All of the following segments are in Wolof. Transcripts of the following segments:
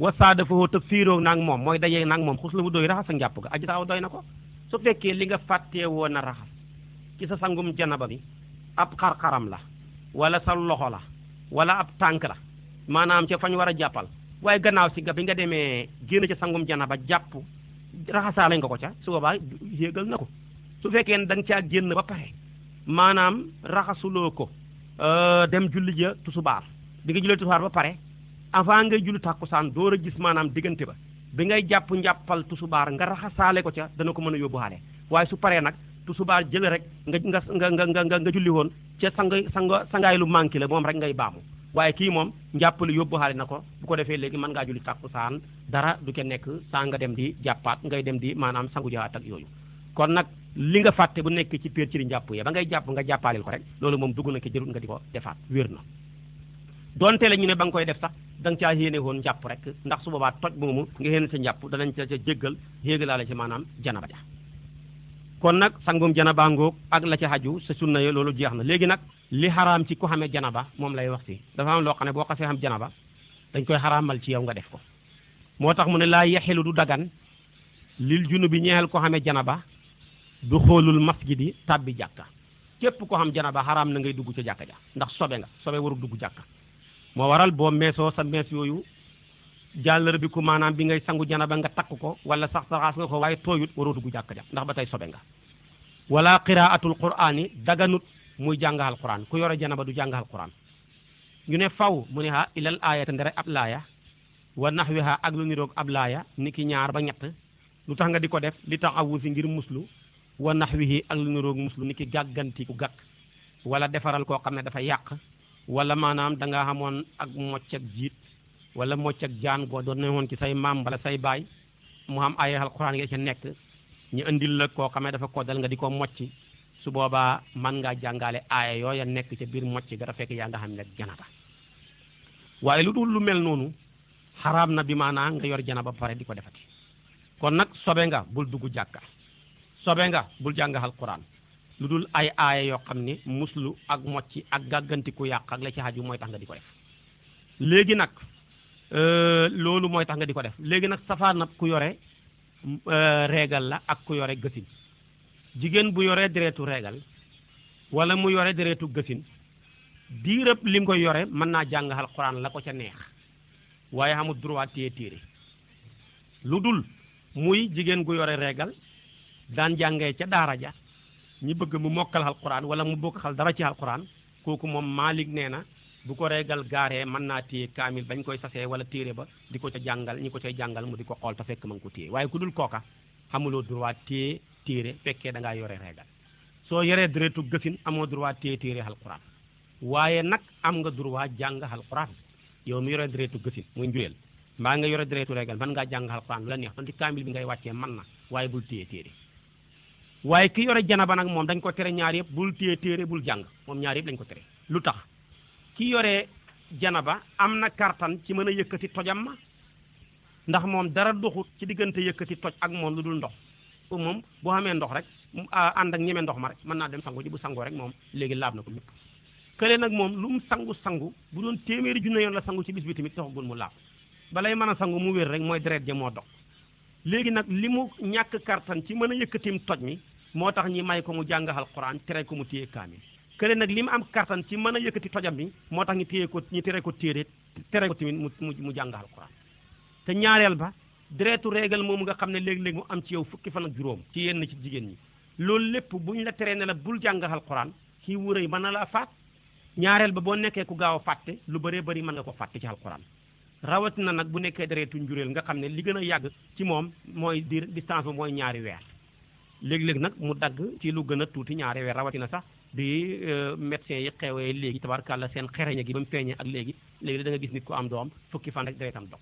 wasaadafahoo te fiiroo nag moom mooy dajee nag moom xus la mu doy raxas sa njàpp ga aji aw doy na ko su fekkee li nga fàttee woon a raxas ci sa sangum janaba bi ab xar-xaram la wala sa loxo la wala ab tànk la maanaam ca fañ war a jàppal waaye gannaaw si nga bi nga demee génn ca sangum janaba jàpp raxasaa nga ko ca su boobaa yéegal na ko su fekkee ne da nga caa génn ba pare maanaam raxasuloo ko euh, dem julli ja tusubaar bi nga jullee tusubaar ba pare avant ngay julli saan door a gis maanaam diggante ba bi ngay jàpp njàppal tusubaar nga raxasaale ko ca dana ko mën a yóbbuwaale waaye su paree nag tusubaar jële rek nga nga nga nga nga nga julli woon ca sanga sanga sangaay manqué la moom rek ngay baamu waaye kii moom njàppali yóbbuwaale na ko bu ko defee léegi mën ngaa julli tàkkusaan dara du ca nekk saa nga dem di jàppaat ngay dem di maanaam sangu jawaat ak yooyu kon nag li nga fàtte bu nekk ci pér ci di njàpp ya ba ngay jàpp nga jàppaalil ko rek loolu moom dugg na ke jërul nga di ko defaat wér na donte la ñu ne ba nga koy def sax da nga caa yéene woon njàpp rek ndax su boobaa toj moomu nga yéene sa njàpp danañ ca ca jéggal yéegalaale ci maanaam janaba ja kon nag sangum janaba ngoog ak la ca xaju sa sunna yo loolu jeex na léegi nag li xaraam ci ku xamee janaba moom lay wax si dafa am loo xam ne boo xasee xam janaba dañ koy xaraamal ci yow nga def ko moo tax mu ne laa yexilu du dagan lil junu bi ñeexel ko xamee janaba du xoolul masjidi tàbbi jàkka képp ko xam janaba xaraam na ngay dugg ci jàkka ja ndax sobe nga sobe warul dugg jàkka moo waral boo meesoo sa mees yooyu jàllar bi ku maanaam bi ngay sangu janaba nga takk ko wala sax saxaas nga ko waaye tooyut waroo dugg jàkka ja ndax ba tey sobe nga wala qiraatul qur'ani daganut muy jàngal qur'an ku yore janaba du jàngal qur'an ñu ne faw mu ne ha ilal aaya te ndere ab laaya wa naxwiha ak lu niroog ab laaya ni ki ñaar ba ñett lu tax nga di ko def li tax awu si ngir muslu wa nax wi naxwihi ak lu niroog muslu ni ki gàggantiku gàkk wala defaral koo xam ne dafa yàq wala maanaam da nga xamoon ak mocc ak jiit wala mocc ak jaan goo doon na woon ci say maam wala say baay mu xam ay alxuraan yi ci nekk ñu indil la koo xamee dafa ko dal nga di ko mocc su boobaa mën ngaa jàngale aaya yooya nekk ca biir mocc ga fekk yaa nga xam ne janaba waaye lu dul lu mel noonu xaraam na bi maanaa nga yor janaba ba pare di ko defati kon nag sobe nga bul dugg jàkka sobe nga bul jàngaxal alxuraan lu dul ay aaya yoo xam ni muslu ak mocc ak gàggantiku yàq ak la ci xaju mooy tax nga di ko def léegi nag euh, loolu mooy tax nga di ko def léegi nag safaan nag ku yore euh, reegal la ak ku yore gësin jigéen bu yore deretu reegal wala mu yore deretu gësin diirëb li mu koy yore mën naa jàng alxuraan la ko ca neex waaye amul droit téye téere lu dul muy jigéen gu yore reegal daan jàngee ca daara ja ñi bëgg mu mokkal alquran wala mu bokk xal dara ci alquran kooku moom Malik nee na bu ko reegal gaaree mën naa téye kaamil bañ koy sasee wala téere ba di ko ca jàngal ñi ko jàngal mu di ko xool te fekk ma ngi ko téye waaye ku dul kooka amuloo droit téye téere fekkee da ngaa yore reegal soo yoree deretu gësin amoo droit téye téere alquran waaye nag am nga droit jàng alquran yow mi yoree deretu gësin muy njureel mbaa nga yore deretu reegal mën ngaa jàng alquran la neex donte kaamil bi ngay wàccee mën na waaye bul téye téere waaye ki yore janaba nag moom dañ ko tere ñaar yëpp bul téye téere bul jàng moom ñaar yëpp lañ ko tere lu tax ki yore janaba am na kartan ci mën a yëkkati tojam ma ndax moom dara doxut ci diggante yëkkati toj ak moom lu dul ndox moom boo xamee ndox rek ànd ak ñeme ndox ma rek mën naa dem sangu ji bu sangoo rek moom léegi laab na ko ñëpp kële nag moom lu mu sangu sangu bu doon téeméeri junne yoon la sangu ci bis bi tamit taxagul mu laab balay mën sangu mu wér rek mooy deret ja moo léegi nag li mu ñàkk kartan ci mën a yëkkatim toj mi moo tax ñi may ko mu jàng alxuraan tere ko mu téye kaamil kële nag li mu am kartan ci mën a yëkkati tojam bi moo tax ñu téye ko ñu tere ko téere tere ko tamit mu mu jàng alxuraan te ñaareel ba deretu régal moomu nga xam ne léeg-léeg mu am ci yow fukki fan ak juróom ci yenn ci jigéen ñi loolu lépp bu ñu la teree ne la bul jàng alxuraan kii wuréy mën na laa faat ñaareel ba boo nekkee ku gaaw a fàtte lu bëree bëri mën ko fàtte ci alxuraan rawatina nag bu nekkee deretu njuréel nga xam ne li gën a yàgg ci moom mooy diir distance bi mooy ñaari weer léeg léeg nag mu dagg ci lu gën a tuuti ñaari weer rawatina sax bi euh, médecins yi xewee léegi tabarkàlla seen xereña gi ba mu feeñee ak léegi léegi da gis nit ku am doom fukki fan rek deretam dog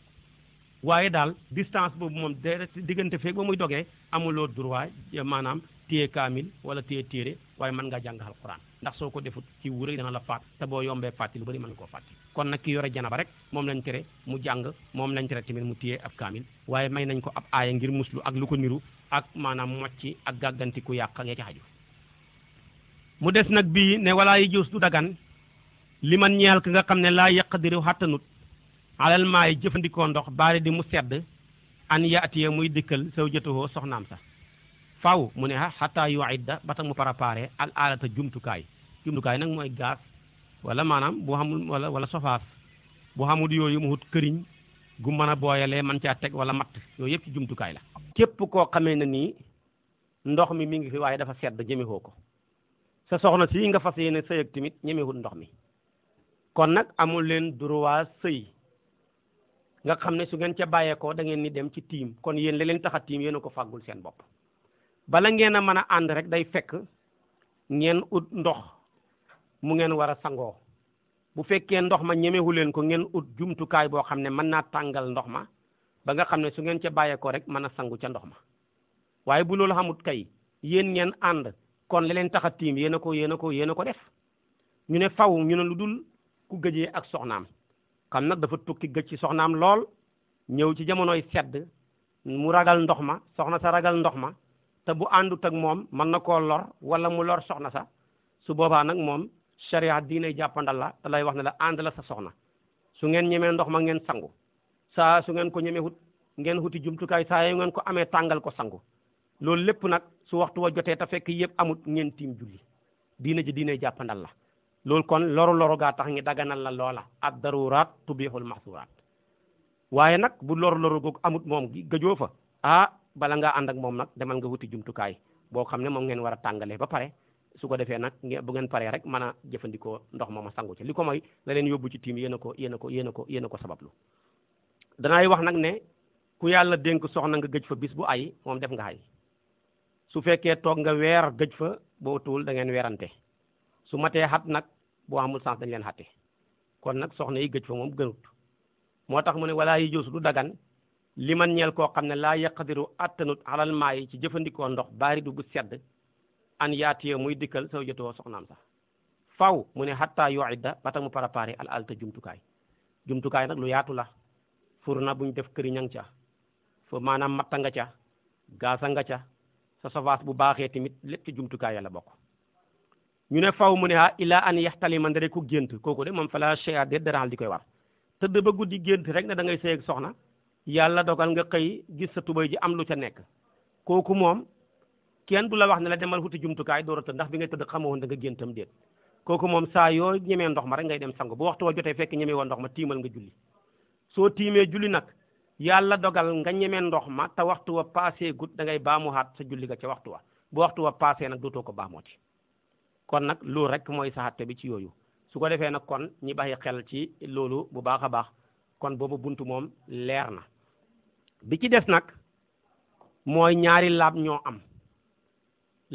waaye daal distance boobu moom de diggante feeg ba muy dogee amuloo droit maanaam téye kaamil wala téye téere waaye mën ngaa jàng alquran ndax soo ko defut ci wuré dana la faat te boo yombee fàtti lu bari man nga koo fàtti kon nag ki yore janaba rek moom lañ tere mu jàng moom lañ tere tamit mu téye ab kaamil waaye may nañ ko ab aaya ngir muslu ak lu ko niru ak maanaam mocci ak gàggantiku yàq ak ya ci xaju mu des nag bii ne walaa yi li man ñeel ki nga xam ne laa yàq diriw xattanut alal maay jëfandikoo ndox baari di mu sedd an yaatiya muy dikkal saw jëtawoo soxnaam sax faw mu ne a xataa yu idda mu préparé al alata jumtukaay jumtukaay nag mooy gaz wala maanaam bu xamul wala wala sofaas bu xamul yooyu mu wut këriñ gu mën a booyalee man caa teg wala matt yooyu yëpp ci jumtukaay la képp koo xamee na nii ndox mi mi ngi fi waaye dafa sedd jëmewoo ko sa soxna si nga fas yéene sëy ak tamit ñemewut ndox mi kon nag amul leen droit sëy nga xam ne su ngeen ca bàyyeekoo dangeen di dem ci tiim kon yéen li leen tax a tiim yéen ko fàggul seen bopp bala ngeen a mën a ànd rek day fekk ngeen ut ndox mu ngeen war a sangoo bu fekkee ndox ma ñemewu leen ko ngeen ut jumtukaay boo xam ne mën naa tàngal ndox ma ba nga xam ne su ngeen ca bàyyeekoo rek mën a sangu ca ndox ma waaye bu loolu xamut kay yéen ngeen ànd kon li leen tax a tiim yéen ko yéen ko yéen a ko def ñu ne faw ñu ne lu dul ku gëjee ak soxnaam xam nag dafa tukki gëj ci soxnaam lool ñëw ci jamonoy sedd mu ragal ndox ma soxna sa ragal ndox ma te bu àndut ak moom mën na koo lor wala mu lor soxna sa su boobaa nag moom sharia diinay jàppandal la te lay wax ne la ànd la sa soxna su ngeen ñemee ndox ma ngeen sangu saa su ngeen ko ñemee hut ngeen huti jumtukaay saa yu ngeen ko amee tàngal ko sangu loolu lépp nag su waxtu wa jotee te fekk yëpp amut ngeen tiim julli diina ji diinay jàppandal la loolu kon loru loru gaa tax ngi daganal la loola ak daruraat tubixul maxsuraat waaye nag bu loru loru googu amut moom gëjoo fa ah bala ngaa ànd ak moom nag demal nga wuti jumtukaay boo xam ne moom ngeen war a tàngalee ba pare su ko defee nag bu ngeen paree rek mën a jëfandikoo ndox mooma sangu ci li ko mooy la leen yóbbu ci tiim yéen ko yéen ko yéen ko yéen a ko sabablu danaay wax nag ne ku yàlla dénk soxna nga gëj fa bis bu ay moom def nga ay su fekkee toog nga weer gëj fa boo da ngeen weerante su boo amul sens dañ leen kon nag soxna yi gëj fa moom gënut moo tax mu ne walaa yi joosu du dagan li man ñeel koo xam ne laa yaqadiru attanut alal maa yi ci jëfandikoo ndox baari du bu sedd an yaatiyo muy dikkal saw jotoo soxnaam sax faw mu ne xattaa yoo idda ba tax mu préparé al alta jumtukaay jumtukaay nag lu yaatu la fur na buñ def këri ñang ca fa maanaam matta nga ca gaasa nga ca sa savaas bu baaxee tamit lépp ci jumtukaay yàlla bokk ñu ne faw mu ne ah ila an yaxtalima ndare ku gént kooku de moom fala chea de daraal di koy war tëdd ba guddi gént rek ne da ngay sëy ak soxna yàlla dogal nga xëy gis sa tubay ji am lu ca nekk kooku moom kenn la wax ne la demal xuti jumtukaay door a bi ngay tëdd xamoo da nga géntam déet kooku moom saa yoo ñemee ndox ma rek ngay dem sangu bu waxtu wa jotee fekk ñemee woon ndox ma tiimal nga julli soo tiimee julli nag yàlla dogal nga ñemee ndox ma te waxtu wa passé gut da ngay baamuwaat sa julli nga ca waxtu wa bu waxtu wa passé nag dootoo ko baamooti kon nag loolu rek mooy saxatte bi ci yooyu su ko defee nag kon ñi bàyyi xel ci loolu bu baax a baax kon boobu bunt moom leer na bi ci des nag mooy ñaari laab ñoo am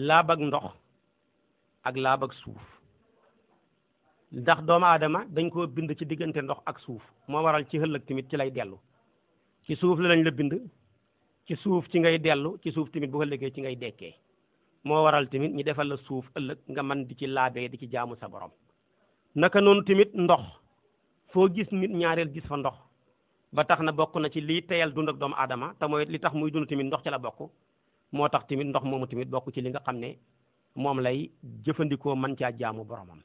laab ak ndox ak laab ak suuf ndax doomu aadama dañ koo bind ci diggante ndox ak suuf moo waral ci ëllëg tamit ci lay dellu ci suuf la lañ la bind ci suuf ci ngay dellu ci suuf tamit bu ëllëgee ci ngay dekkee moo waral tamit ñi defal la suuf ëllëg nga man di ci laabee di ci jaamu sa borom naka noonu tamit ndox foo gis nit ñaareel gis fa ndox ba tax na bokk na ci liy teyal dund doomu aadama te mooy li tax muy dund tamit ndox ci la bokk moo tax tamit ndox moomu tamit bokk ci li nga xam ne moom lay jëfandikoo man caa jaamu boromam.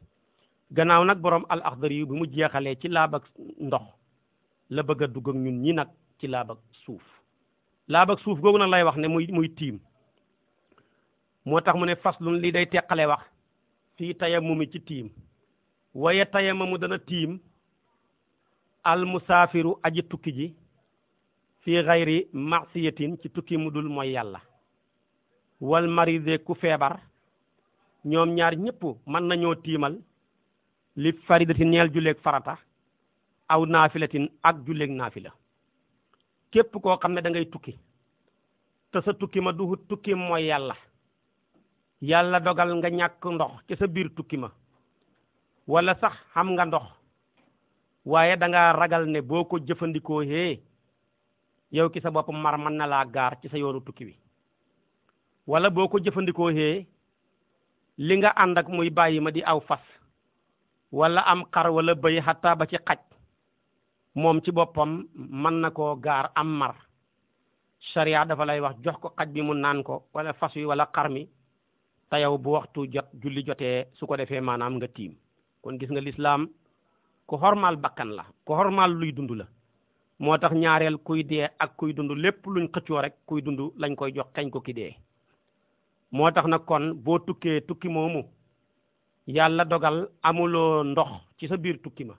gannaaw nag borom al axdari yu bu mu jeexalee ci laab ak ndox la bëgg a dugg ak ñun ñi nag ci laab ak suuf laab ak suuf googu nag lay wax ne muy muy tiim. moo tax mu ne faslun lii day teqale wax fii tayamumi ci tiim waye tayamamu dana tiim al musaafiru aji tukki ji fii xayri masiyatin ci tukki mu dul mooy yàlla wal maride ku feebar ñoom ñaar ñëpp mën nañoo tiimal li faridati ñeel julleeg farata aw naafilatin ak julleeg naafila képp koo xam ne dangay tukki te sa tukki ma du tukki mooy yàlla yàlla dogal nga ñàkk ndox ci sa biir tukki ma walla sax xam nga ndox waaye danga ragal ne boo ko jëfandikoo hee yow ki sa bopp mar mën na laa gaar ci sa yoonu tukki wi wala boo ko jëfandikoo hee li nga ànd ak muy bàyyi ma di aw fas wala am xar wala bëy xataa ba ci xaj moom ci boppam mën na koo gaar am mar charia dafa lay wax jox ko xaj bi mu naan ko wala fas wi wala xar mi te yow bu waxtu jot julli jotee su ko defee maanaam nga tiim kon gis nga lislaam ku xormaal bakkan la ku xormaal luy dund la moo tax ñaareel kuy dee ak kuy dund lépp luñ xëccoo rek kuy dund lañ koy jox kañ ko ki dee moo tax nag kon boo tukkee tukki moomu yàlla dogal amuloo ndox ci sa biir tukki ma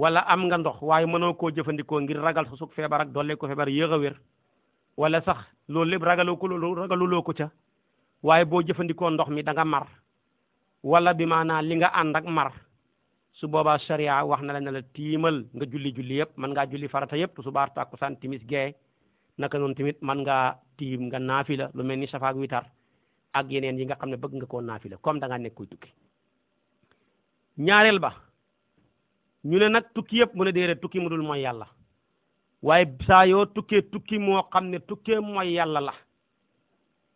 wala am nga ndox waaye mënoo koo jëfandikoo ngir ragal sa sug feebar ak dolle ko feebar yéex a wér wala sax loolu lépp ragaloo ko loolu ragaluloo ko ca waaye boo jëfandikoo ndox mi danga nga mar wala bi maanaa li nga ànd mar su boobaa sharia wax na la ne la tiimal nga julli julli yëpp mën ngaa julli farata yëpp subaar takkusaan timis gee naka noonu tamit mën nga tiim nga naafila lu mel ni safaak witar ak yeneen yi nga xam ne bëgg nga koo naafila comme da ngaa nekk koy tukki ñaareel ba ñu ne nag tukki yëpp mu ne déedéet tukki mu dul mooy yàlla waaye saa yoo tukkee tukki moo xam ne tukkee mooy yàlla la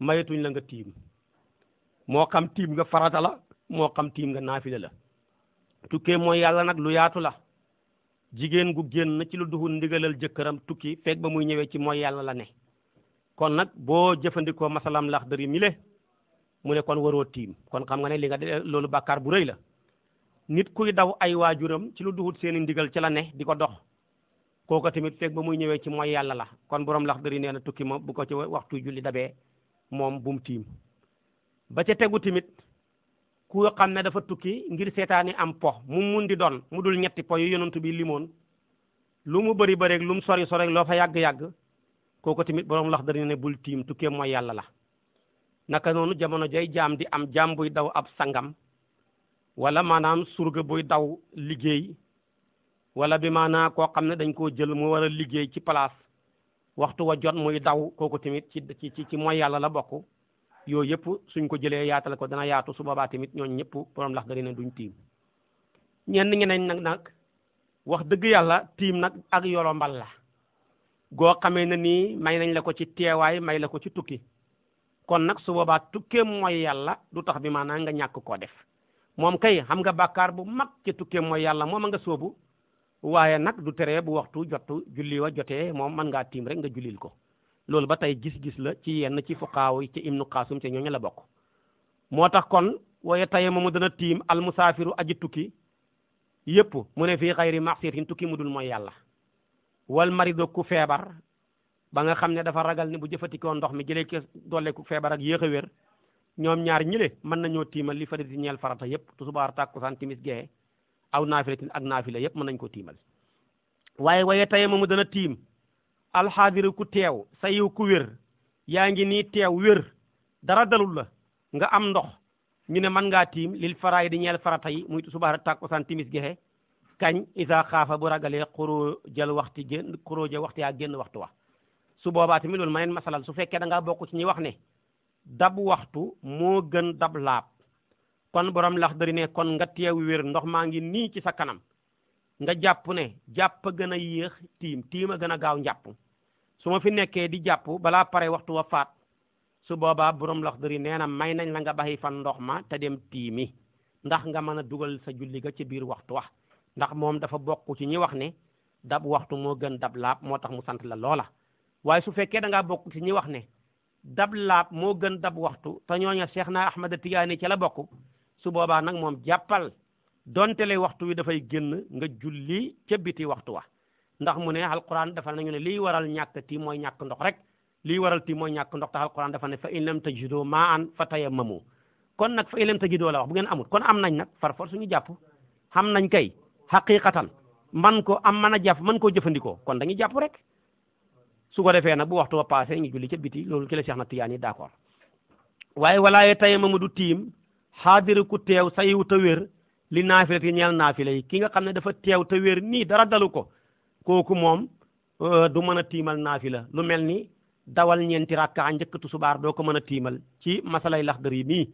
mayetuñ la nga tiim moo xam tiim nga farata la moo xam tiim nga naafila la tukkee mooy yàlla nag lu yaatu la jigéen gu génn ci lu duhul ndigalal jëkkëram tukki feeg ba muy ñëwee ci mooy yàlla la ne kon nag boo jëfandikoo masalam lax dëri mi le ne kon waroo tiim kon xam nga ne li nga loolu bàkkaar bu rëy la nit kuy daw ay waajuram ci lu duhut seeni ndigal ci la ne di ko dox kooka tamit feeg ba muy ñëwee ci mooy yàlla la kon borom lax dëri nee na tukki ma bu ko ci waxtu julli dabee moom bu mu tiim ba ca tegu tamit ku xam ne dafa tukki ngir seetaani am po mu mun di doon mu dul ñetti po yu yonantu bi limoon lu mu bari bëri lu mu sori sori loo fa yàgg-yàgg kooku tamit borom lax dana ne bul tiim tukkee mooy yàlla la naka noonu jamono jay jaam di am jaam buy daw ab sangam wala maanaam surga buy daw liggéey wala bi maanaa koo xam ne dañ koo jël mu war a liggéey ci place waxtu wa jot muy daw kooku tamit ci ci ci mooy yàlla la bokk yooyu yëpp suñ ko jëlee yaatal ko dana yaatu su boobaa tamit ñooñu ñëpp borom lax dari ne duñ tiim ñenn ñeneen nag nag wax dëgg yàlla tiim nag ak yoro mbal la goo xamee na nii may nañ la ko ci teewaay may la ko ci tukki kon nag su boobaa tukkeem moy yàlla du tax bi ma maanaam nga ñàkk koo def moom kay xam nga bakkaar bu mag ci tukkeem mooy yàlla moom a nga sóobu waaye nag du tere bu waxtu jotu julli wa jotee moom mën ngaa tiim rek nga jullil ko loolu ba tey gis-gis la ci yenn ci fuqaaw yi ci ibnu qaasum ci ñooñu la bokk moo tax kon waaye tey moomu dana tiim almusaafiru aji tukki yépp mu ne fii xayri masitin tukki mu dul mooy yàlla wal mari doo ku feebar ba nga xam ne dafa ragal ne bu jëfatikoo ndox mi jële ko doole ku feebar ak yéex a ñoom ñaar ñile mën nañoo tiimal li farati ñeel farata yëpp tusubaar tàkkusaan timis gee aw naafilatin ak naafila yëpp mën nañ ko tiimal waaye waaye tey moomu dana tiim alxaadiru ku teew sa yiw ku wér yaa ngi nii teew wér dara dalul la nga am ndox ñu ne mën ngaa tiim lil faraay di ñeel farata yi muy subaar takkusaan timis gexe kañ isa xaafa bu ragalee xuroo jël waxti waxti yaa génn waxtu wa su boobaa tamit loolu ma neen masalal su fekkee danga ngaa ci ñi wax ne dab waxtu moo gën dab laab kon borom lax dari ne kon nga teew wér ndox maa ngi nii ci sa kanam nga jàpp ne jàpp gën a yéex tiim tiim a gën a gaaw njàpp su ma fi nekkee di jàpp balaa pare waxtu wa faat su boobaa borom Laxdari nee na may nañ la nga baxi fan ndox ma te dem tiimi ndax nga mën a dugal sa julli ga ci biir waxtu wa ndax moom dafa bokk ci ñi wax ne dab waxtu moo gën dab laab moo tax mu sant la loola waaye su fekkee da ngaa bokk ci ñi wax ne dab laab moo gën dab waxtu te ñooña Cheikh na Ahmada Tijaani ca la bokk su boobaa nag moom jàppal donte lay waxtu wi dafay génn nga julli ca biti waxtu wa ndax mu ne alquran dafa nañu ne liy waral ñàkk ti mooy ñàkk ndox rek liy waral ti mooy ñàkk ndox tax alquran defa ne fa in lam tajidu ma an fa tayammamu kon nag fa in lam tajidu la wax bu ngeen amul kon am nañ nag far for suñu jàpp xam nañ kay xaqiqatan man ko am mën a jàpp mën koo jëfandikoo kon dañuy jàpp rek su ko defee nag bu waxtu wa passé ñu julli ca biti loolu ci la Cheikh na Tiyaani d'accord waaye walaaye tayammamu xaadira ku teew sayiw te wér li naafila ti ñeel naafila yi ki nga xam ne dafa teew te wér nii dara dalu ko kooku moom euh, du mën a tiimal naafila lu mel ni dawal ñeenti rakka njëkkatu subaar doo ko mën a tiimal ci masalay laxdar yi nii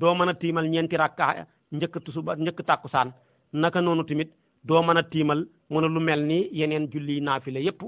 doo mën a tiimal ñeenti rakka njëkkatu suba njëkk saan naka noonu tamit doo mën a tiimal mën lu mel ni yeneen julli naafila yépp